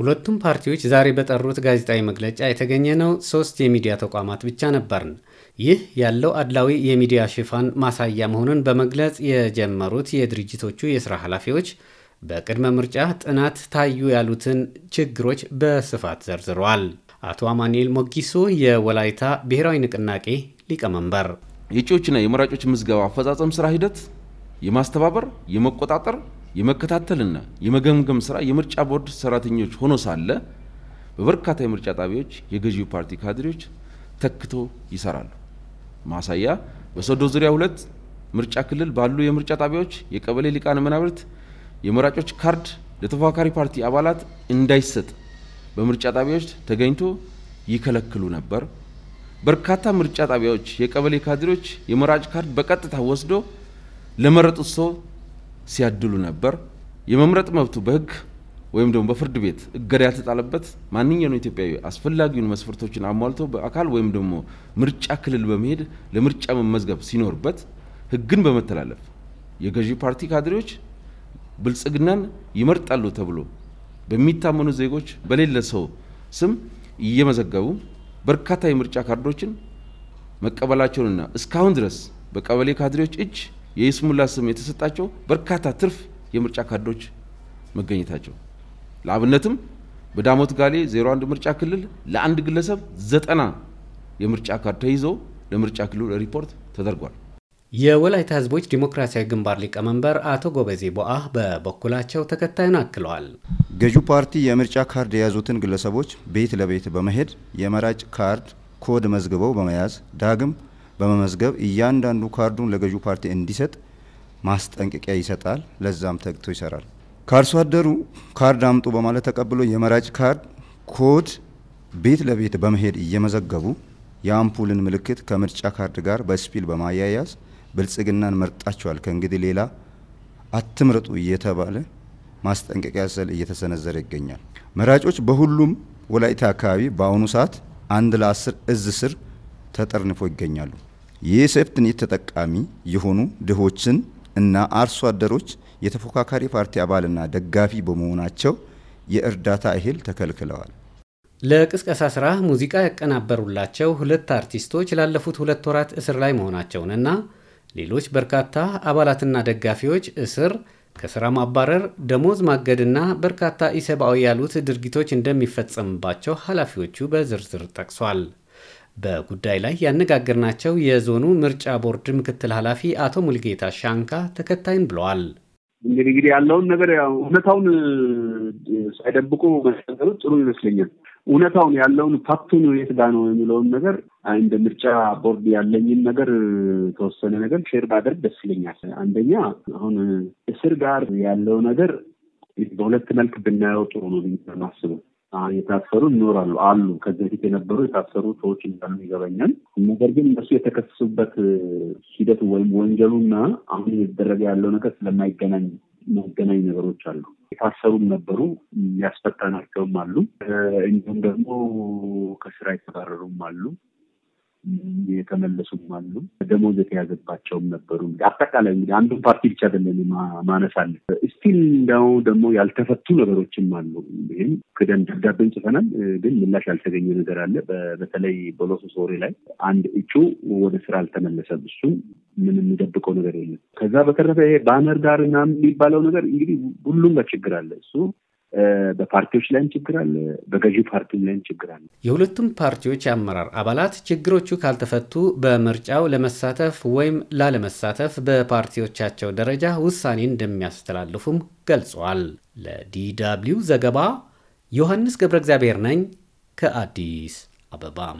ሁለቱም ፓርቲዎች ዛሬ በጠሩት ጋዜጣዊ መግለጫ የተገኘ ነው ሶስት የሚዲያ ተቋማት ብቻ ነበርን። ይህ ያለው አድላዊ የሚዲያ ሽፋን ማሳያ መሆኑን በመግለጽ የጀመሩት የድርጅቶቹ የሥራ ኃላፊዎች በቅድመ ምርጫ ጥናት ታዩ ያሉትን ችግሮች በስፋት ዘርዝረዋል። አቶ አማኑኤል ሞጊሶ የወላይታ ብሔራዊ ንቅናቄ ሊቀመንበር፣ የእጩዎችና የመራጮች ምዝገባ አፈጻጸም ስራ ሂደት የማስተባበር የመቆጣጠር የመከታተልና የመገምገም ስራ የምርጫ ቦርድ ሰራተኞች ሆኖ ሳለ በበርካታ የምርጫ ጣቢያዎች የገዢው ፓርቲ ካድሬዎች ተክቶ ይሰራሉ። ማሳያ በሶዶ ዙሪያ ሁለት ምርጫ ክልል ባሉ የምርጫ ጣቢያዎች የቀበሌ ሊቃነ መናብርት የመራጮች ካርድ ለተፎካካሪ ፓርቲ አባላት እንዳይሰጥ በምርጫ ጣቢያዎች ተገኝቶ ይከለክሉ ነበር። በርካታ ምርጫ ጣቢያዎች የቀበሌ ካድሬዎች የመራጭ ካርድ በቀጥታ ወስዶ ለመረጡት ሰው ሲያድሉ ነበር። የመምረጥ መብቱ በህግ ወይም ደግሞ በፍርድ ቤት እገዳ ያልተጣለበት ማንኛውም ኢትዮጵያዊ አስፈላጊውን መስፈርቶችን አሟልቶ በአካል ወይም ደግሞ ምርጫ ክልል በመሄድ ለምርጫ መመዝገብ ሲኖርበት ህግን በመተላለፍ የገዢ ፓርቲ ካድሬዎች ብልጽግናን ይመርጣሉ ተብሎ በሚታመኑ ዜጎች በሌለ ሰው ስም እየመዘገቡ በርካታ የምርጫ ካርዶችን መቀበላቸውንና እስካሁን ድረስ በቀበሌ ካድሬዎች እጅ የይስሙላ ስም የተሰጣቸው በርካታ ትርፍ የምርጫ ካርዶች መገኘታቸው ለአብነትም በዳሞት ጋሌ 01 ምርጫ ክልል ለአንድ ግለሰብ ዘጠና የምርጫ ካርድ ተይዞ ለምርጫ ክልሉ ሪፖርት ተደርጓል። የወላይታ ህዝቦች ዲሞክራሲያዊ ግንባር ሊቀመንበር አቶ ጎበዜ ቦአ በበኩላቸው ተከታዩን አክለዋል። ገዢው ፓርቲ የምርጫ ካርድ የያዙትን ግለሰቦች ቤት ለቤት በመሄድ የመራጭ ካርድ ኮድ መዝግበው በመያዝ ዳግም በመመዝገብ እያንዳንዱ ካርዱን ለገዢው ፓርቲ እንዲሰጥ ማስጠንቀቂያ ይሰጣል። ለዛም ተግቶ ይሰራል። ከአርሶ አደሩ ካርድ አምጡ በማለት ተቀብሎ የመራጭ ካርድ ኮድ ቤት ለቤት በመሄድ እየመዘገቡ የአምፑልን ምልክት ከምርጫ ካርድ ጋር በስፒል በማያያዝ ብልጽግናን መርጣቸዋል፣ ከእንግዲህ ሌላ አትምረጡ እየተባለ ማስጠንቀቂያ ስል እየተሰነዘረ ይገኛል። መራጮች በሁሉም ወላይታ አካባቢ በአሁኑ ሰዓት አንድ ለአስር እዝ ስር ተጠርንፎ ይገኛሉ። የሴፍትኔት ተጠቃሚ የሆኑ ድሆችን እና አርሶ አደሮች የተፎካካሪ ፓርቲ አባልና ደጋፊ በመሆናቸው የእርዳታ እህል ተከልክለዋል። ለቅስቀሳ ስራ ሙዚቃ ያቀናበሩላቸው ሁለት አርቲስቶች ላለፉት ሁለት ወራት እስር ላይ መሆናቸውንና ሌሎች በርካታ አባላትና ደጋፊዎች እስር፣ ከስራ ማባረር፣ ደሞዝ ማገድና በርካታ ኢሰብአዊ ያሉት ድርጊቶች እንደሚፈጸምባቸው ኃላፊዎቹ በዝርዝር ጠቅሷል። በጉዳይ ላይ ያነጋገርናቸው የዞኑ ምርጫ ቦርድ ምክትል ኃላፊ አቶ ሙልጌታ ሻንካ ተከታይን ብለዋል። እንግዲህ እንግዲህ ያለውን ነገር እውነታውን ሳይደብቁ መሰገሩ ጥሩ ይመስለኛል። እውነታውን ያለውን ፋክቱን የት ጋ ነው የሚለውን ነገር እንደ ምርጫ ቦርድ ያለኝን ነገር ተወሰነ ነገር ሼር ባደርግ ደስ ይለኛል። አንደኛ አሁን እስር ጋር ያለው ነገር በሁለት መልክ ብናየው ጥሩ ነው ማስበው የታሰሩ ይኖራሉ አሉ። ከዚህ በፊት የነበሩ የታሰሩ ሰዎች እንዳሉ ይገባኛል። ነገር ግን እነሱ የተከሰሱበት ሂደቱ ወይም ወንጀሉና አሁን እየተደረገ ያለው ነገር ስለማይገናኝ መገናኝ ነገሮች አሉ። የታሰሩም ነበሩ ያስፈታናቸውም አሉ። እንዲሁም ደግሞ ከስራ የተባረሩም አሉ። የተመለሱም አሉ። ደሞዝ የተያዘባቸውም ነበሩ። አጠቃላይ እንግዲህ አንዱን ፓርቲ ብቻ አይደለም ማነሳለን። ስቲል እንዳው ደግሞ ያልተፈቱ ነገሮችም አሉ። ይህም ክደን ደብዳቤን ጽፈናል፣ ግን ምላሽ ያልተገኘ ነገር አለ። በተለይ ቦሎሶ ሶሬ ላይ አንድ እጩ ወደ ስራ አልተመለሰም። እሱም ምን የሚደብቀው ነገር የለም። ከዛ በተረፈ ይሄ ባነር ጋር ምናምን የሚባለው ነገር እንግዲህ ሁሉም በችግር አለ። እሱ በፓርቲዎች ላይም ችግር አለ፣ በገዢ ፓርቲ ላይም ችግር አለ። የሁለቱም ፓርቲዎች የአመራር አባላት ችግሮቹ ካልተፈቱ በምርጫው ለመሳተፍ ወይም ላለመሳተፍ በፓርቲዎቻቸው ደረጃ ውሳኔ እንደሚያስተላልፉም ገልጿል። ለዲደብልዩ ዘገባ ዮሐንስ ገብረ እግዚአብሔር ነኝ ከአዲስ አበባ